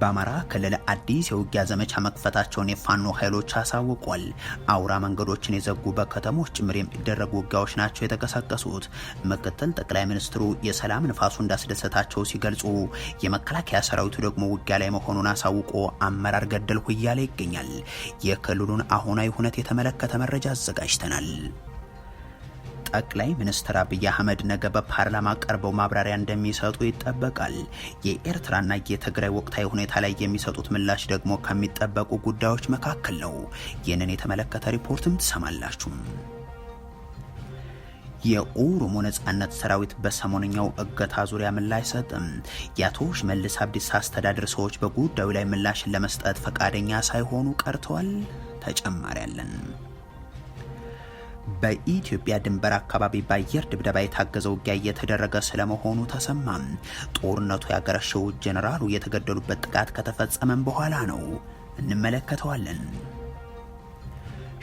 በአማራ ክልል አዲስ የውጊያ ዘመቻ መክፈታቸውን የፋኖ ኃይሎች አሳውቋል። አውራ መንገዶችን የዘጉ በከተሞች ጭምር የሚደረጉ ውጊያዎች ናቸው የተቀሰቀሱት። ምክትል ጠቅላይ ሚኒስትሩ የሰላም ንፋሱ እንዳስደሰታቸው ሲገልጹ፣ የመከላከያ ሰራዊቱ ደግሞ ውጊያ ላይ መሆኑን አሳውቆ አመራር ገደልሁ እያለ ይገኛል። የክልሉን አሁናዊ ሁነት የተመለከተ መረጃ አዘጋጅተናል። ጠቅላይ ሚኒስትር አብይ አህመድ ነገ በፓርላማ ቀርበው ማብራሪያ እንደሚሰጡ ይጠበቃል። የኤርትራና የትግራይ ወቅታዊ ሁኔታ ላይ የሚሰጡት ምላሽ ደግሞ ከሚጠበቁ ጉዳዮች መካከል ነው። ይህንን የተመለከተ ሪፖርትም ትሰማላችሁ። የኦሮሞ ነጻነት ሰራዊት በሰሞንኛው እገታ ዙሪያ ምላሽ ሰጥም የአቶ ሽመልስ አብዲሳ አስተዳደር ሰዎች በጉዳዩ ላይ ምላሽን ለመስጠት ፈቃደኛ ሳይሆኑ ቀርተዋል። ተጨማሪ በኢትዮጵያ ድንበር አካባቢ በአየር ድብደባ የታገዘ ውጊያ እየተደረገ ስለመሆኑ ተሰማ። ጦርነቱ ያገረሸው ጄኔራሉ የተገደሉበት ጥቃት ከተፈጸመም በኋላ ነው። እንመለከተዋለን።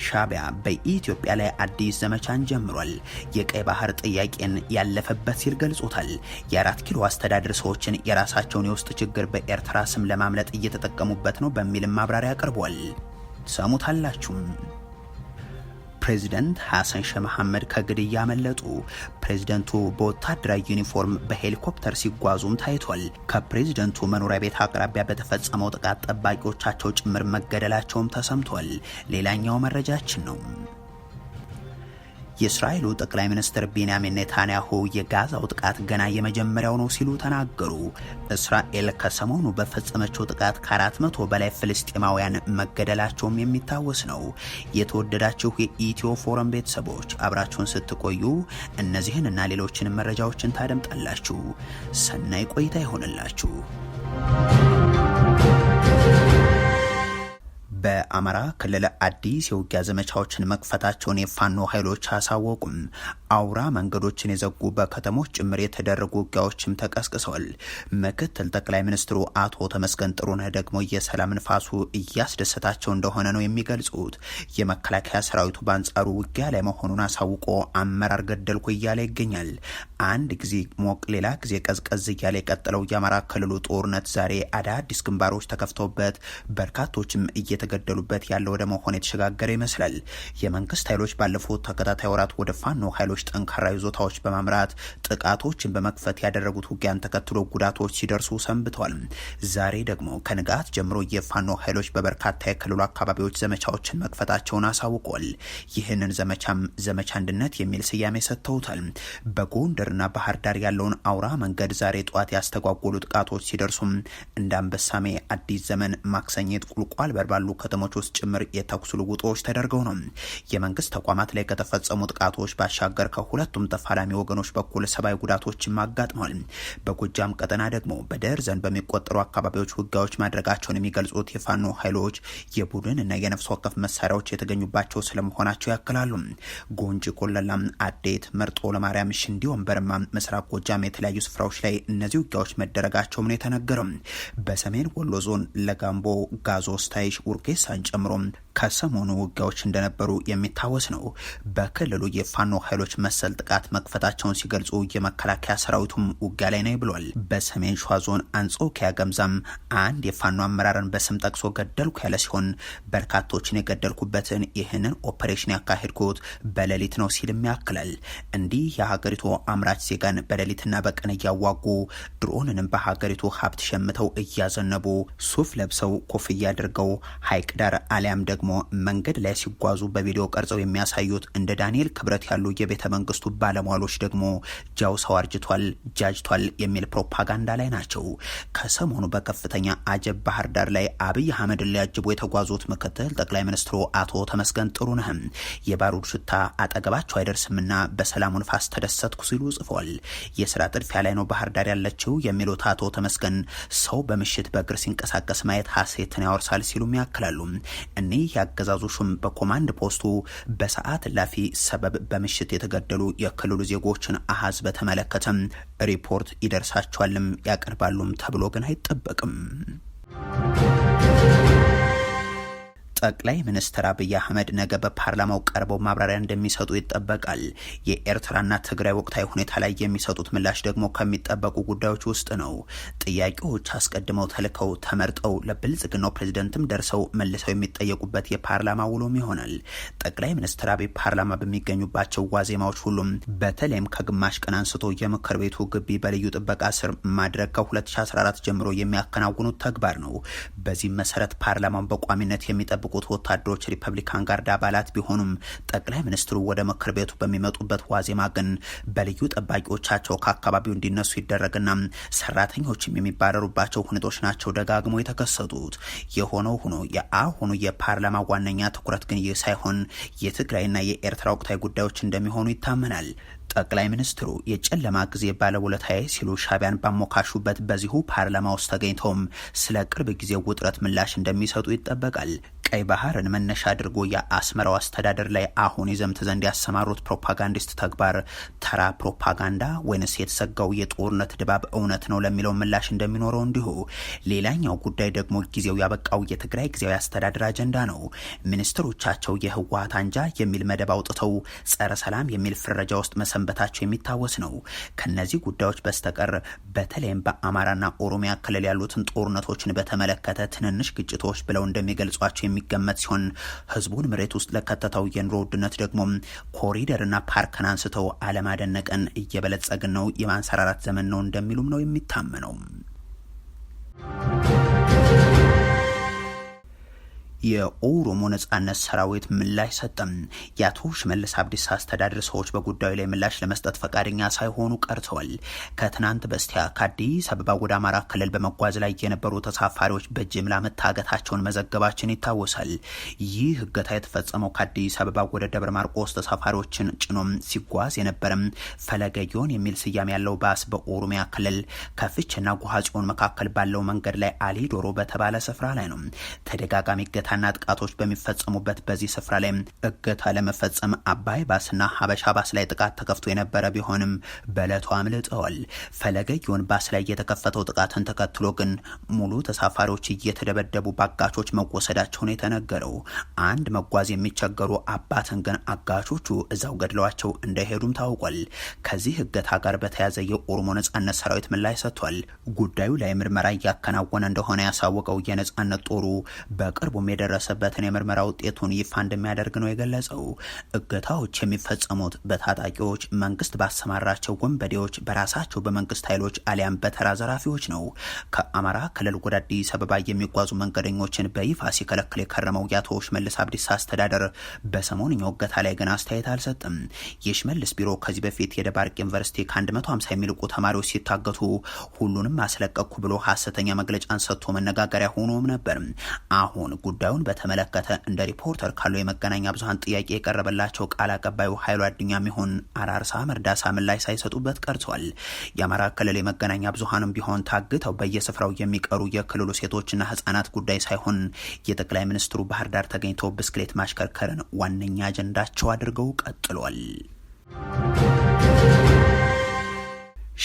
ሻቢያ በኢትዮጵያ ላይ አዲስ ዘመቻን ጀምሯል። የቀይ ባህር ጥያቄን ያለፈበት ሲል ገልጾታል። የአራት ኪሎ አስተዳደር ሰዎችን የራሳቸውን የውስጥ ችግር በኤርትራ ስም ለማምለጥ እየተጠቀሙበት ነው በሚልም ማብራሪያ አቅርቧል። ሰሙታላችሁም። ፕሬዚደንት ሐሰን ሼህ መሐመድ ከግድያ መለጡ ፕሬዚደንቱ በወታደራዊ ዩኒፎርም በሄሊኮፕተር ሲጓዙም ታይቷል። ከፕሬዚደንቱ መኖሪያ ቤት አቅራቢያ በተፈጸመው ጥቃት ጠባቂዎቻቸው ጭምር መገደላቸውም ተሰምቷል። ሌላኛው መረጃችን ነው። የእስራኤሉ ጠቅላይ ሚኒስትር ቤንያሚን ኔታንያሁ የጋዛው ጥቃት ገና የመጀመሪያው ነው ሲሉ ተናገሩ። እስራኤል ከሰሞኑ በፈጸመችው ጥቃት ከ400 በላይ ፍልስጤማውያን መገደላቸውም የሚታወስ ነው። የተወደዳችሁ የኢትዮ ፎረም ቤተሰቦች አብራችሁን ስትቆዩ እነዚህን እና ሌሎችንም መረጃዎችን ታደምጣላችሁ። ሰናይ ቆይታ ይሆንላችሁ። በአማራ ክልል አዲስ የውጊያ ዘመቻዎችን መክፈታቸውን የፋኖ ኃይሎች አሳወቁም። አውራ መንገዶችን የዘጉ በከተሞች ጭምር የተደረጉ ውጊያዎችም ተቀስቅሰዋል። ምክትል ጠቅላይ ሚኒስትሩ አቶ ተመስገን ጥሩነህ ደግሞ የሰላም ንፋሱ እያስደሰታቸው እንደሆነ ነው የሚገልጹት። የመከላከያ ሰራዊቱ በአንጻሩ ውጊያ ላይ መሆኑን አሳውቆ አመራር ገደልኩ እያለ ይገኛል። አንድ ጊዜ ሞቅ ሌላ ጊዜ ቀዝቀዝ እያለ የቀጠለው የአማራ ክልሉ ጦርነት ዛሬ አዳዲስ ግንባሮች ተከፍተውበት በርካቶችም እየተ እየተገደሉበት ያለ ወደ መሆን የተሸጋገረ ይመስላል። የመንግስት ኃይሎች ባለፉት ተከታታይ ወራት ወደ ፋኖ ኃይሎች ጠንካራ ይዞታዎች በማምራት ጥቃቶችን በመክፈት ያደረጉት ውጊያን ተከትሎ ጉዳቶች ሲደርሱ ሰንብተዋል። ዛሬ ደግሞ ከንጋት ጀምሮ የፋኖ ኃይሎች በበርካታ የክልሉ አካባቢዎች ዘመቻዎችን መክፈታቸውን አሳውቋል። ይህንን ዘመቻም ዘመቻ አንድነት የሚል ስያሜ ሰጥተውታል። በጎንደርና ባህር ዳር ያለውን አውራ መንገድ ዛሬ ጠዋት ያስተጓጎሉ ጥቃቶች ሲደርሱም እንደ አንበሳሜ፣ አዲስ ዘመን፣ ማክሰኘት ቁልቋል በርባሉ ከተሞች ውስጥ ጭምር የተኩስ ልውጦች ተደርገው ነው። የመንግስት ተቋማት ላይ ከተፈጸሙ ጥቃቶች ባሻገር ከሁለቱም ተፋላሚ ወገኖች በኩል ሰብአዊ ጉዳቶችም አጋጥሟል። በጎጃም ቀጠና ደግሞ በደርዘን በሚቆጠሩ አካባቢዎች ውጊያዎች ማድረጋቸውን የሚገልጹት የፋኖ ኃይሎች የቡድን እና የነፍስ ወከፍ መሳሪያዎች የተገኙባቸው ስለመሆናቸው ያክላሉ። ጎንጂ ቆለላም፣ አዴት፣ መርጦ ለማርያም፣ ሽንዲ ወንበርማ፣ ምስራቅ ጎጃም የተለያዩ ስፍራዎች ላይ እነዚህ ውጊያዎች መደረጋቸውም ነው የተነገረው። በሰሜን ወሎ ዞን ለጋምቦ፣ ጋዞ ስታይሽ፣ ውርቅ ፔሳን ጨምሮ ከሰሞኑ ውጊያዎች እንደነበሩ የሚታወስ ነው። በክልሉ የፋኖ ኃይሎች መሰል ጥቃት መክፈታቸውን ሲገልጹ የመከላከያ ሰራዊቱም ውጊያ ላይ ነው ብሏል። በሰሜን ሸዋ ዞን አንጾኪያ ገምዛም አንድ የፋኖ አመራርን በስም ጠቅሶ ገደልኩ ያለ ሲሆን በርካቶችን የገደልኩበትን ይህንን ኦፕሬሽን ያካሄድኩት በሌሊት ነው ሲልም ያክላል። እንዲህ የሀገሪቱ አምራች ዜጋን በሌሊትና በቀን እያዋጉ ድሮንንም በሀገሪቱ ሀብት ሸምተው እያዘነቡ ሱፍ ለብሰው ኮፍያ አድርገው ሀይቅ ዳር አሊያም ደግሞ ደግሞ መንገድ ላይ ሲጓዙ በቪዲዮ ቀርጸው የሚያሳዩት እንደ ዳንኤል ክብረት ያሉ የቤተ መንግስቱ ባለሟሎች ደግሞ ጃው ሰው አርጅቷል ጃጅቷል የሚል ፕሮፓጋንዳ ላይ ናቸው። ከሰሞኑ በከፍተኛ አጀብ ባህር ዳር ላይ አብይ አህመድን ሊያጅቡ የተጓዙት ምክትል ጠቅላይ ሚኒስትሩ አቶ ተመስገን ጥሩነህ የባሩድ ሽታ አጠገባቸው አይደርስምና በሰላሙ ንፋስ ተደሰትኩ ሲሉ ጽፏል። የስራ ጥድፊያ ላይ ነው ባህር ዳር ያለችው የሚሉት አቶ ተመስገን ሰው በምሽት በእግር ሲንቀሳቀስ ማየት ሀሴትን ያወርሳል ሲሉም ያክላሉ። እኒህ የአገዛዙ ሹም በኮማንድ ፖስቱ በሰዓት ላፊ ሰበብ በምሽት የተገደሉ የክልሉ ዜጎችን አሃዝ በተመለከተም ሪፖርት ይደርሳቸዋልም ያቀርባሉም ተብሎ ግን አይጠበቅም። ጠቅላይ ሚኒስትር አብይ አህመድ ነገ በፓርላማው ቀርበው ማብራሪያ እንደሚሰጡ ይጠበቃል። የኤርትራና ትግራይ ወቅታዊ ሁኔታ ላይ የሚሰጡት ምላሽ ደግሞ ከሚጠበቁ ጉዳዮች ውስጥ ነው። ጥያቄዎች አስቀድመው ተልከው ተመርጠው ለብልጽግናው ፕሬዚደንትም ደርሰው መልሰው የሚጠየቁበት የፓርላማ ውሎም ይሆናል። ጠቅላይ ሚኒስትር አብይ ፓርላማ በሚገኙባቸው ዋዜማዎች ሁሉም በተለይም ከግማሽ ቀን አንስቶ የምክር ቤቱ ግቢ በልዩ ጥበቃ ስር ማድረግ ከ2014 ጀምሮ የሚያከናውኑት ተግባር ነው። በዚህም መሰረት ፓርላማውን በቋሚነት የሚጠብቁ የሚጠብቁት ወታደሮች ሪፐብሊካን ጋርድ አባላት ቢሆኑም ጠቅላይ ሚኒስትሩ ወደ ምክር ቤቱ በሚመጡበት ዋዜማ ግን በልዩ ጠባቂዎቻቸው ከአካባቢው እንዲነሱ ይደረግና ሰራተኞችም የሚባረሩባቸው ሁኔታዎች ናቸው ደጋግሞ የተከሰቱት። የሆነው ሆኖ የአሁኑ የፓርላማ ዋነኛ ትኩረት ግን ይህ ሳይሆን የትግራይና የኤርትራ ወቅታዊ ጉዳዮች እንደሚሆኑ ይታመናል። ጠቅላይ ሚኒስትሩ የጨለማ ጊዜ ባለውለታዬ ሲሉ ሻቢያን ባሞካሹበት በዚሁ ፓርላማ ውስጥ ተገኝተውም ስለ ቅርብ ጊዜ ውጥረት ምላሽ እንደሚሰጡ ይጠበቃል። ቀይ ባህርን መነሻ አድርጎ የአስመራው አስተዳደር ላይ አሁን ይዘምት ዘንድ ያሰማሩት ፕሮፓጋንዲስት ተግባር ተራ ፕሮፓጋንዳ ወይንስ የተሰጋው የጦርነት ድባብ እውነት ነው ለሚለው ምላሽ እንደሚኖረው እንዲሁ ሌላኛው ጉዳይ ደግሞ ጊዜው ያበቃው የትግራይ ጊዜያዊ አስተዳደር አጀንዳ ነው። ሚኒስትሮቻቸው የህወሀት አንጃ የሚል መደብ አውጥተው ጸረ ሰላም የሚል ፍረጃ ውስጥ መሰ መሰንበታቸው የሚታወስ ነው። ከነዚህ ጉዳዮች በስተቀር በተለይም በአማራና ኦሮሚያ ክልል ያሉትን ጦርነቶችን በተመለከተ ትንንሽ ግጭቶች ብለው እንደሚገልጿቸው የሚገመት ሲሆን ህዝቡን መሬት ውስጥ ለከተተው የኑሮ ውድነት ደግሞ ኮሪደርና ፓርክን አንስተው አለማደነቀን እየበለጸግን ነው የማንሰራራት ዘመን ነው እንደሚሉም ነው የሚታመነው። የኦሮሞ ነጻነት ሰራዊት ምላሽ ሰጠም። የአቶ ሽመልስ አብዲስ አስተዳደር ሰዎች በጉዳዩ ላይ ምላሽ ለመስጠት ፈቃደኛ ሳይሆኑ ቀርተዋል። ከትናንት በስቲያ ከአዲስ አበባ ወደ አማራ ክልል በመጓዝ ላይ የነበሩ ተሳፋሪዎች በጅምላ መታገታቸውን መዘገባችን ይታወሳል። ይህ እገታ የተፈጸመው ከአዲስ አበባ ወደ ደብረ ማርቆስ ተሳፋሪዎችን ጭኖም ሲጓዝ የነበረም ፈለገዮን የሚል ስያሜ ያለው ባስ በኦሮሚያ ክልል ከፍችና ጉሃጽዮን መካከል ባለው መንገድ ላይ አሊ ዶሮ በተባለ ስፍራ ላይ ነው። ተደጋጋሚ እገታ እገታና ጥቃቶች በሚፈጸሙበት በዚህ ስፍራ ላይ እገታ ለመፈጸም አባይ ባስና ሀበሻ ባስ ላይ ጥቃት ተከፍቶ የነበረ ቢሆንም በዕለቱ አምልጠዋል። ፈለገ ጊዮን ባስ ላይ የተከፈተው ጥቃትን ተከትሎ ግን ሙሉ ተሳፋሪዎች እየተደበደቡ በአጋቾች መወሰዳቸውን የተነገረው አንድ መጓዝ የሚቸገሩ አባትን ግን አጋቾቹ እዛው ገድለዋቸው እንደሄዱም ታውቋል። ከዚህ እገታ ጋር በተያያዘ የኦሮሞ ነጻነት ሰራዊት ምላሽ ሰጥቷል። ጉዳዩ ላይ ምርመራ እያከናወነ እንደሆነ ያሳወቀው የነጻነት ጦሩ በቅርቡ የደረሰበትን የምርመራ ውጤቱን ይፋ እንደሚያደርግ ነው የገለጸው። እገታዎች የሚፈጸሙት በታጣቂዎች መንግስት ባሰማራቸው ወንበዴዎች፣ በራሳቸው በመንግስት ኃይሎች አሊያም በተራ ዘራፊዎች ነው። ከአማራ ክልል ወደ አዲስ አበባ የሚጓዙ መንገደኞችን በይፋ ሲከለክል የከረመው የአቶ ሽመልስ አብዲስ አስተዳደር በሰሞንኛው እገታ ላይ ግን አስተያየት አልሰጥም። የሽመልስ ቢሮ ከዚህ በፊት የደባርቅ ዩኒቨርሲቲ ከ150 የሚልቁ ተማሪዎች ሲታገቱ ሁሉንም አስለቀቅኩ ብሎ ሀሰተኛ መግለጫን ሰጥቶ መነጋገሪያ ሆኖም ነበር። አሁን ጉዳዩ ጉዳዩን በተመለከተ እንደ ሪፖርተር ካለው የመገናኛ ብዙሀን ጥያቄ የቀረበላቸው ቃል አቀባዩ ኃይሉ አዱኛም ሚሆን አራርሳ መርዳሳ ምላሽ ሳይሰጡበት ቀርቷል። የአማራ ክልል የመገናኛ ብዙሀንም ቢሆን ታግተው በየስፍራው የሚቀሩ የክልሉ ሴቶችና ህጻናት ጉዳይ ሳይሆን የጠቅላይ ሚኒስትሩ ባህር ዳር ተገኝቶ ብስክሌት ማሽከርከርን ዋነኛ አጀንዳቸው አድርገው ቀጥሏል።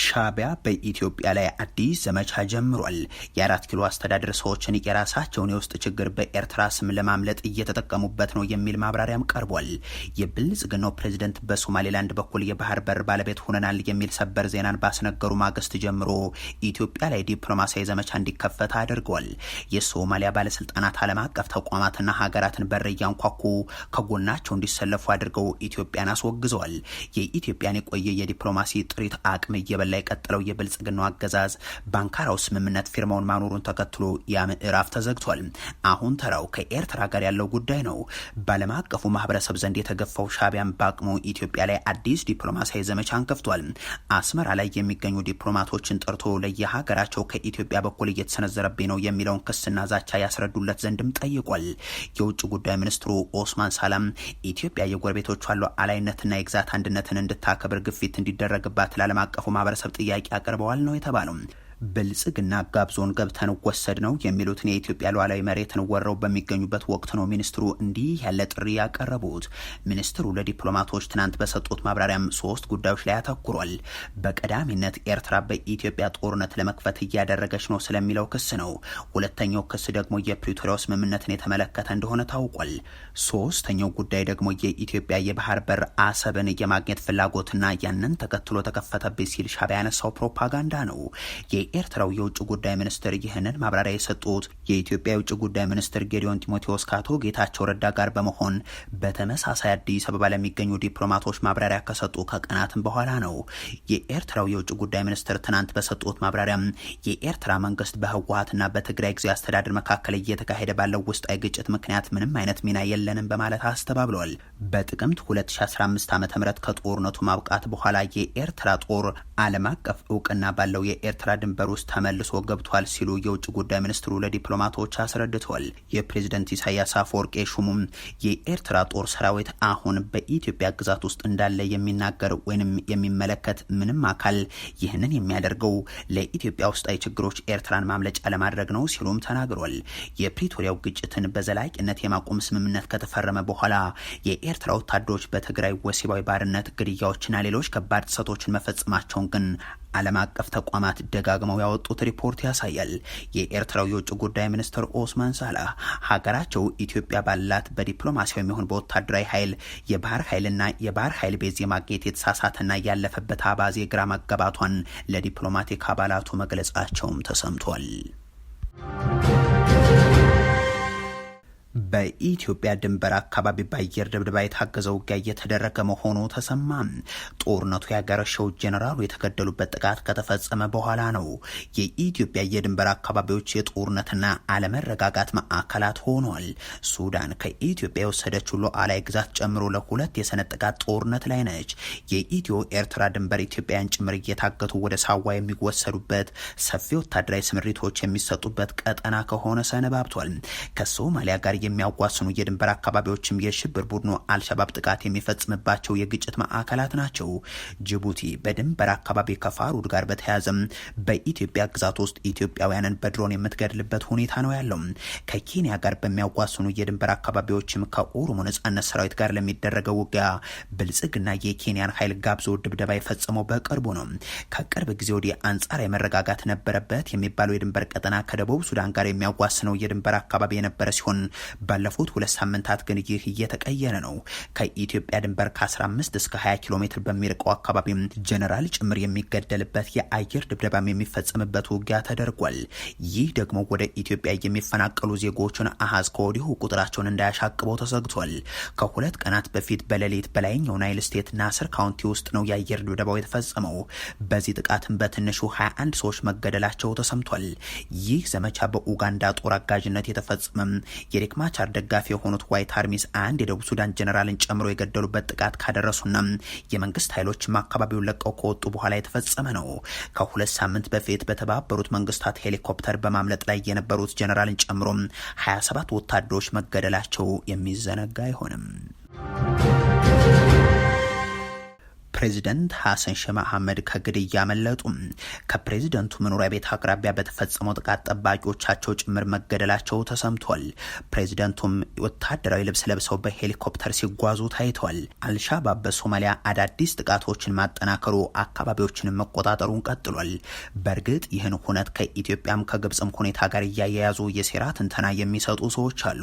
ሻቢያ በኢትዮጵያ ላይ አዲስ ዘመቻ ጀምሯል። የአራት ኪሎ አስተዳደር ሰዎችን የራሳቸውን የውስጥ ችግር በኤርትራ ስም ለማምለጥ እየተጠቀሙበት ነው የሚል ማብራሪያም ቀርቧል። የብልጽግናው ፕሬዚደንት በሶማሌላንድ በኩል የባህር በር ባለቤት ሆነናል የሚል ሰበር ዜናን ባስነገሩ ማግስት ጀምሮ ኢትዮጵያ ላይ ዲፕሎማሲያዊ ዘመቻ እንዲከፈት አድርገዋል። የሶማሊያ ባለስልጣናት ዓለም አቀፍ ተቋማትና ሀገራትን በር እያንኳኩ ከጎናቸው እንዲሰለፉ አድርገው ኢትዮጵያን አስወግዘዋል። የኢትዮጵያን የቆየ የዲፕሎማሲ ጥሪት አቅም እየበላ የቀጠለው የብልጽግናው አገዛዝ በአንካራው ስምምነት ፊርማውን ማኖሩን ተከትሎ ያ ምዕራፍ ተዘግቷል። አሁን ተራው ከኤርትራ ጋር ያለው ጉዳይ ነው። በዓለም አቀፉ ማህበረሰብ ዘንድ የተገፋው ሻቢያን በአቅሙ ኢትዮጵያ ላይ አዲስ ዲፕሎማሲያዊ ዘመቻን ከፍቷል። አስመራ ላይ የሚገኙ ዲፕሎማቶችን ጠርቶ ለየሀገራቸው ከኢትዮጵያ በኩል እየተሰነዘረብኝ ነው የሚለውን ክስና ዛቻ ያስረዱለት ዘንድም ጠይቋል። የውጭ ጉዳይ ሚኒስትሩ ኦስማን ሳላም ኢትዮጵያ የጎረቤቶቿ ሉዓላዊነትና የግዛት አንድነትን እንድታከብር ግፊት እንዲደረግባት ለዓለም አቀፉ ማህበረሰብ ማህበረሰብ ጥያቄ አቅርበዋል ነው የተባለው። ብልጽግና ጋብዞን ገብተን ወሰድ ነው የሚሉትን የኢትዮጵያ ሉዓላዊ መሬትን ወረው በሚገኙበት ወቅት ነው ሚኒስትሩ እንዲህ ያለ ጥሪ ያቀረቡት። ሚኒስትሩ ለዲፕሎማቶች ትናንት በሰጡት ማብራሪያም ሶስት ጉዳዮች ላይ አተኩሯል። በቀዳሚነት ኤርትራ በኢትዮጵያ ጦርነት ለመክፈት እያደረገች ነው ስለሚለው ክስ ነው። ሁለተኛው ክስ ደግሞ የፕሪቶሪያው ስምምነትን የተመለከተ እንደሆነ ታውቋል። ሶስተኛው ጉዳይ ደግሞ የኢትዮጵያ የባህር በር አሰብን የማግኘት ፍላጎትና ያንን ተከትሎ ተከፈተብኝ ሲል ሻዕቢያ ያነሳው ፕሮፓጋንዳ ነው። የኤርትራው የውጭ ጉዳይ ሚኒስትር ይህንን ማብራሪያ የሰጡት የኢትዮጵያ የውጭ ጉዳይ ሚኒስትር ጌዲዮን ጢሞቴዎስ ከአቶ ጌታቸው ረዳ ጋር በመሆን በተመሳሳይ አዲስ አበባ ለሚገኙ ዲፕሎማቶች ማብራሪያ ከሰጡ ከቀናትም በኋላ ነው። የኤርትራው የውጭ ጉዳይ ሚኒስትር ትናንት በሰጡት ማብራሪያም የኤርትራ መንግስት በህወሀትና በትግራይ ጊዜ አስተዳደር መካከል እየተካሄደ ባለው ውስጣዊ ግጭት ምክንያት ምንም አይነት ሚና የለንም በማለት አስተባብሏል በጥቅምት 2015 ዓ ም ከጦርነቱ ማብቃት በኋላ የኤርትራ ጦር ዓለም አቀፍ እውቅና ባለው የኤርትራ ድንበር ድንበር ውስጥ ተመልሶ ገብቷል ሲሉ የውጭ ጉዳይ ሚኒስትሩ ለዲፕሎማቶች አስረድተዋል። የፕሬዝደንት ኢሳያስ አፈወርቄ ሹሙም የኤርትራ ጦር ሰራዊት አሁን በኢትዮጵያ ግዛት ውስጥ እንዳለ የሚናገር ወይንም የሚመለከት ምንም አካል ይህንን የሚያደርገው ለኢትዮጵያ ውስጣዊ ችግሮች ኤርትራን ማምለጫ ለማድረግ ነው ሲሉም ተናግሯል። የፕሪቶሪያው ግጭትን በዘላቂነት የማቆም ስምምነት ከተፈረመ በኋላ የኤርትራ ወታደሮች በትግራይ ወሲባዊ ባርነት፣ ግድያዎችና ሌሎች ከባድ ጥሰቶችን መፈጸማቸውን ግን ዓለም አቀፍ ተቋማት ደጋግመው ያወጡት ሪፖርት ያሳያል። የኤርትራው የውጭ ጉዳይ ሚኒስትር ኦስማን ሳላህ ሀገራቸው ኢትዮጵያ ባላት በዲፕሎማሲያዊ የሚሆን በወታደራዊ ኃይል የባህር ኃይልና የባህር ኃይል ቤዝ የማግኘት የተሳሳተና ያለፈበት አባዜ ግራ መገባቷን ለዲፕሎማቲክ አባላቱ መግለጻቸውም ተሰምቷል። በኢትዮጵያ ድንበር አካባቢ በአየር ድብደባ የታገዘ ውጊያ እየተደረገ መሆኑ ተሰማ። ጦርነቱ ያገረሸው ጄኔራሉ የተገደሉበት ጥቃት ከተፈጸመ በኋላ ነው። የኢትዮጵያ የድንበር አካባቢዎች የጦርነትና አለመረጋጋት ማዕከላት ሆኗል። ሱዳን ከኢትዮጵያ የወሰደችው ሉዓላዊ ግዛት ጨምሮ ለሁለት የሰነጠቃት ጦርነት ላይ ነች። የኢትዮ ኤርትራ ድንበር ኢትዮጵያውያን ጭምር እየታገቱ ወደ ሳዋ የሚወሰዱበት ሰፊ ወታደራዊ ስምሪቶች የሚሰጡበት ቀጠና ከሆነ ሰነባብቷል። ከሶማሊያ ጋር የሚያዋስኑ የድንበር አካባቢዎችም የሽብር ቡድኑ አልሸባብ ጥቃት የሚፈጽምባቸው የግጭት ማዕከላት ናቸው። ጅቡቲ በድንበር አካባቢ ከፋሩድ ጋር በተያያዘም በኢትዮጵያ ግዛት ውስጥ ኢትዮጵያውያንን በድሮን የምትገድልበት ሁኔታ ነው ያለው። ከኬንያ ጋር በሚያዋስኑ የድንበር አካባቢዎችም ከኦሮሞ ነጻነት ሰራዊት ጋር ለሚደረገው ውጊያ ብልጽግና የኬንያን ኃይል ጋብዞ ድብደባ የፈጸመው በቅርቡ ነው። ከቅርብ ጊዜ ወዲህ አንጻር የመረጋጋት ነበረበት የሚባለው የድንበር ቀጠና ከደቡብ ሱዳን ጋር የሚያዋስነው የድንበር አካባቢ የነበረ ሲሆን ባለፉት ሁለት ሳምንታት ግን ይህ እየተቀየረ ነው። ከኢትዮጵያ ድንበር ከ15 እስከ 20 ኪሎ ሜትር በሚርቀው አካባቢ ጀነራል ጭምር የሚገደልበት የአየር ድብደባም የሚፈጸምበት ውጊያ ተደርጓል። ይህ ደግሞ ወደ ኢትዮጵያ የሚፈናቀሉ ዜጎችን አሃዝ ከወዲሁ ቁጥራቸውን እንዳያሻቅበው ተሰግቷል። ከሁለት ቀናት በፊት በሌሊት በላይኛው ናይል ስቴት ናስር ካውንቲ ውስጥ ነው የአየር ድብደባው የተፈጸመው። በዚህ ጥቃትም በትንሹ 21 ሰዎች መገደላቸው ተሰምቷል። ይህ ዘመቻ በኡጋንዳ ጦር አጋዥነት የተፈጸመም የዴክማ የአክማቻር ደጋፊ የሆኑት ዋይት አርሚስ አንድ የደቡብ ሱዳን ጀኔራልን ጨምሮ የገደሉበት ጥቃት ካደረሱና የመንግስት ኃይሎችም አካባቢውን ለቀው ከወጡ በኋላ የተፈጸመ ነው። ከሁለት ሳምንት በፊት በተባበሩት መንግስታት ሄሊኮፕተር በማምለጥ ላይ የነበሩት ጀኔራልን ጨምሮ 27 ወታደሮች መገደላቸው የሚዘነጋ አይሆንም። ፕሬዚደንት ሐሰን ሼህ መሐመድ ከግድያ አመለጡ። ከፕሬዚደንቱ መኖሪያ ቤት አቅራቢያ በተፈጸመው ጥቃት ጠባቂዎቻቸው ጭምር መገደላቸው ተሰምቷል። ፕሬዚደንቱም ወታደራዊ ልብስ ለብሰው በሄሊኮፕተር ሲጓዙ ታይተዋል። አልሻባብ በሶማሊያ አዳዲስ ጥቃቶችን ማጠናከሩ አካባቢዎችንም መቆጣጠሩን ቀጥሏል። በእርግጥ ይህን ሁነት ከኢትዮጵያም ከግብፅም ሁኔታ ጋር እያያያዙ የሴራ ትንተና የሚሰጡ ሰዎች አሉ።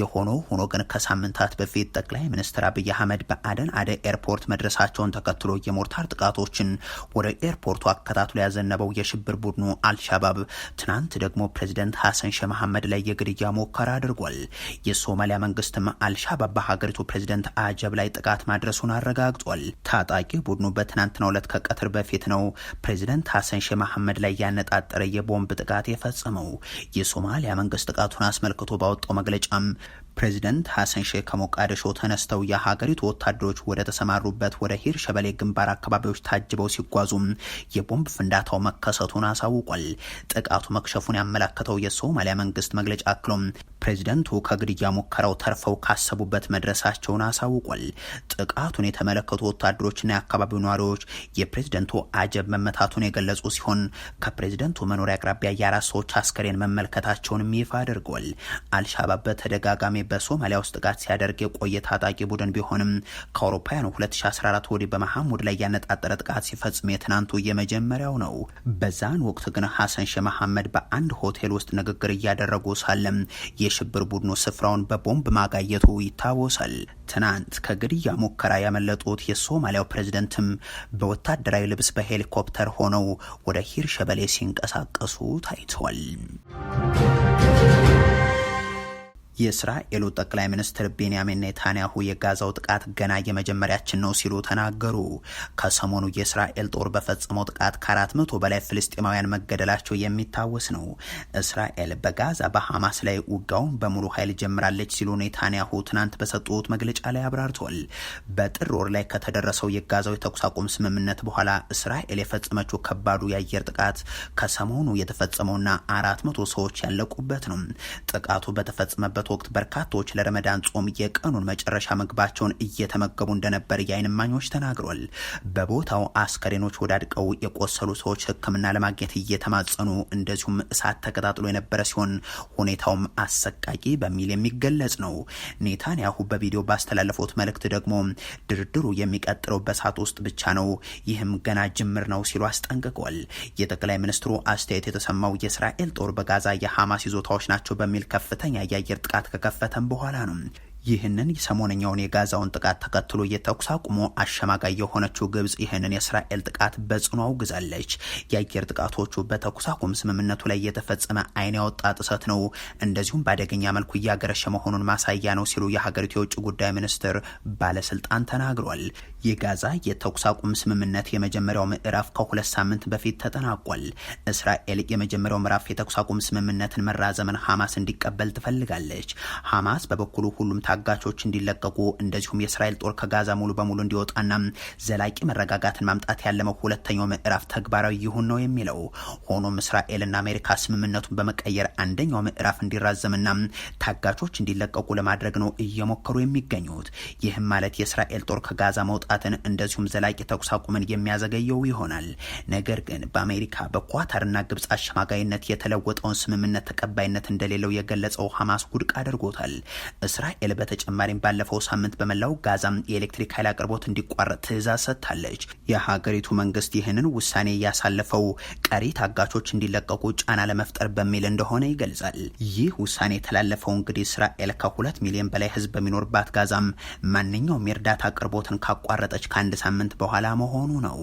የሆኖ ሆኖ ግን ከሳምንታት በፊት ጠቅላይ ሚኒስትር አብይ አህመድ በአደን አደ ኤርፖርት መድረሳቸውን ተከትሎ የሞርታር ጥቃቶችን ወደ ኤርፖርቱ አከታትሎ ያዘነበው የሽብር ቡድኑ አልሻባብ ትናንት ደግሞ ፕሬዚደንት ሐሰን ሼህ መሐመድ ላይ የግድያ ሙከራ አድርጓል። የሶማሊያ መንግስትም አልሻባብ በሀገሪቱ ፕሬዚደንት አጀብ ላይ ጥቃት ማድረሱን አረጋግጧል። ታጣቂ ቡድኑ በትናንትናው ዕለት ከቀትር በፊት ነው ፕሬዚደንት ሐሰን ሼህ መሐመድ ላይ ያነጣጠረ የቦምብ ጥቃት የፈጸመው። የሶማሊያ መንግስት ጥቃቱን አስመልክቶ ባወጣው መግለጫም ፕሬዚደንት ሐሰን ሼህ ከሞቃዲሾ ተነስተው የሀገሪቱ ወታደሮች ወደ ተሰማሩበት ወደ ሂር ሸበሌ ግንባር አካባቢዎች ታጅበው ሲጓዙም የቦምብ ፍንዳታው መከሰቱን አሳውቋል። ጥቃቱ መክሸፉን ያመላከተው የሶማሊያ መንግስት መግለጫ አክሎም ፕሬዚደንቱ ከግድያ ሙከራው ተርፈው ካሰቡበት መድረሳቸውን አሳውቋል። ጥቃቱን የተመለከቱ ወታደሮችና የአካባቢው ነዋሪዎች የፕሬዚደንቱ አጀብ መመታቱን የገለጹ ሲሆን ከፕሬዚደንቱ መኖሪያ አቅራቢያ የአራት ሰዎች አስከሬን መመልከታቸውንም ይፋ አድርገዋል። አልሻባብ በተደጋጋሚ በሶማሊያ ውስጥ ጥቃት ሲያደርግ የቆየ ታጣቂ ቡድን ቢሆንም ከአውሮፓውያኑ 2014 ወዲህ በመሐሙድ ላይ ያነጣጠረ ጥቃት ሲፈጽም የትናንቱ የመጀመሪያው ነው። በዛን ወቅት ግን ሐሰን ሼህ መሐመድ በአንድ ሆቴል ውስጥ ንግግር እያደረጉ ሳለም የሽብር ቡድኑ ስፍራውን በቦምብ ማጋየቱ ይታወሳል። ትናንት ከግድያ ሙከራ ያመለጡት የሶማሊያው ፕሬዝደንትም በወታደራዊ ልብስ በሄሊኮፕተር ሆነው ወደ ሂር ሸበሌ ሲንቀሳቀሱ ታይተዋል። የእስራኤሉ ጠቅላይ ሚኒስትር ቤንያሚን ኔታንያሁ የጋዛው ጥቃት ገና የመጀመሪያችን ነው ሲሉ ተናገሩ። ከሰሞኑ የእስራኤል ጦር በፈጸመው ጥቃት ከአራት መቶ በላይ ፍልስጤማውያን መገደላቸው የሚታወስ ነው። እስራኤል በጋዛ በሐማስ ላይ ውጋውን በሙሉ ኃይል ጀምራለች ሲሉ ኔታንያሁ ትናንት በሰጡት መግለጫ ላይ አብራርቷል። በጥር ወር ላይ ከተደረሰው የጋዛው የተኩስ አቁም ስምምነት በኋላ እስራኤል የፈጸመችው ከባዱ የአየር ጥቃት ከሰሞኑ የተፈጸመውና አራት መቶ ሰዎች ያለቁበት ነው። ጥቃቱ በተፈጸመበት ወቅት በርካቶች ለረመዳን ጾም የቀኑን መጨረሻ ምግባቸውን እየተመገቡ እንደነበር የአይን እማኞች ተናግሯል። በቦታው አስከሬኖች ወዳድቀው የቆሰሉ ሰዎች ሕክምና ለማግኘት እየተማጸኑ እንደዚሁም እሳት ተቀጣጥሎ የነበረ ሲሆን ሁኔታውም አሰቃቂ በሚል የሚገለጽ ነው። ኔታንያሁ በቪዲዮ ባስተላለፉት መልእክት ደግሞ ድርድሩ የሚቀጥለው በሳት ውስጥ ብቻ ነው፣ ይህም ገና ጅምር ነው ሲሉ አስጠንቅቋል። የጠቅላይ ሚኒስትሩ አስተያየት የተሰማው የእስራኤል ጦር በጋዛ የሐማስ ይዞታዎች ናቸው በሚል ከፍተኛ የአየር ጥቃት ጥቃት ከከፈተም በኋላ ነው። ይህንን ሰሞነኛውን የጋዛውን ጥቃት ተከትሎ የተኩስ አቁሞ አሸማጋይ የሆነችው ግብጽ ይህንን የእስራኤል ጥቃት በጽኑ አውግዛለች። የአየር ጥቃቶቹ በተኩስ አቁም ስምምነቱ ላይ የተፈጸመ አይን ያወጣ ጥሰት ነው፣ እንደዚሁም በአደገኛ መልኩ እያገረሸ መሆኑን ማሳያ ነው ሲሉ የሀገሪቱ የውጭ ጉዳይ ሚኒስትር ባለስልጣን ተናግሯል። የጋዛ የተኩስ አቁም ስምምነት የመጀመሪያው ምዕራፍ ከሁለት ሳምንት በፊት ተጠናቋል። እስራኤል የመጀመሪያው ምዕራፍ የተኩስ አቁም ስምምነትን መራዘመን ሐማስ እንዲቀበል ትፈልጋለች። ሐማስ በበኩሉ ሁሉም ታጋቾች እንዲለቀቁ፣ እንደዚሁም የእስራኤል ጦር ከጋዛ ሙሉ በሙሉ እንዲወጣና ዘላቂ መረጋጋትን ማምጣት ያለመው ሁለተኛው ምዕራፍ ተግባራዊ ይሁን ነው የሚለው። ሆኖም እስራኤልና አሜሪካ ስምምነቱን በመቀየር አንደኛው ምዕራፍ እንዲራዘምና ታጋቾች እንዲለቀቁ ለማድረግ ነው እየሞከሩ የሚገኙት። ይህም ማለት የእስራኤል ጦር ከጋዛ መውጣት መውጣትን እንደዚሁም ዘላቂ ተኩስ አቁምን የሚያዘገየው ይሆናል። ነገር ግን በአሜሪካ በኳታርና ግብፅ አሸማጋይነት የተለወጠውን ስምምነት ተቀባይነት እንደሌለው የገለጸው ሐማስ ውድቅ አድርጎታል። እስራኤል በተጨማሪም ባለፈው ሳምንት በመላው ጋዛም የኤሌክትሪክ ኃይል አቅርቦት እንዲቋረጥ ትዕዛዝ ሰጥታለች። የሀገሪቱ መንግስት ይህንን ውሳኔ እያሳለፈው ቀሪ ታጋቾች እንዲለቀቁ ጫና ለመፍጠር በሚል እንደሆነ ይገልጻል። ይህ ውሳኔ የተላለፈው እንግዲህ እስራኤል ከሁለት ሚሊዮን በላይ ህዝብ በሚኖርባት ጋዛም ማንኛውም የእርዳታ አቅርቦትን ካቋረ ከተቋረጠች ከአንድ ሳምንት በኋላ መሆኑ ነው።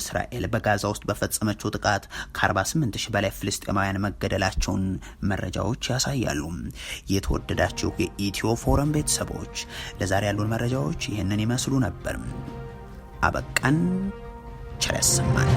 እስራኤል በጋዛ ውስጥ በፈጸመችው ጥቃት ከ48 ሺህ በላይ ፍልስጤማውያን መገደላቸውን መረጃዎች ያሳያሉ። የተወደዳችሁ የኢትዮ ፎረም ቤተሰቦች ለዛሬ ያሉን መረጃዎች ይህንን ይመስሉ ነበር። አበቃን። ቸር ያሰማን።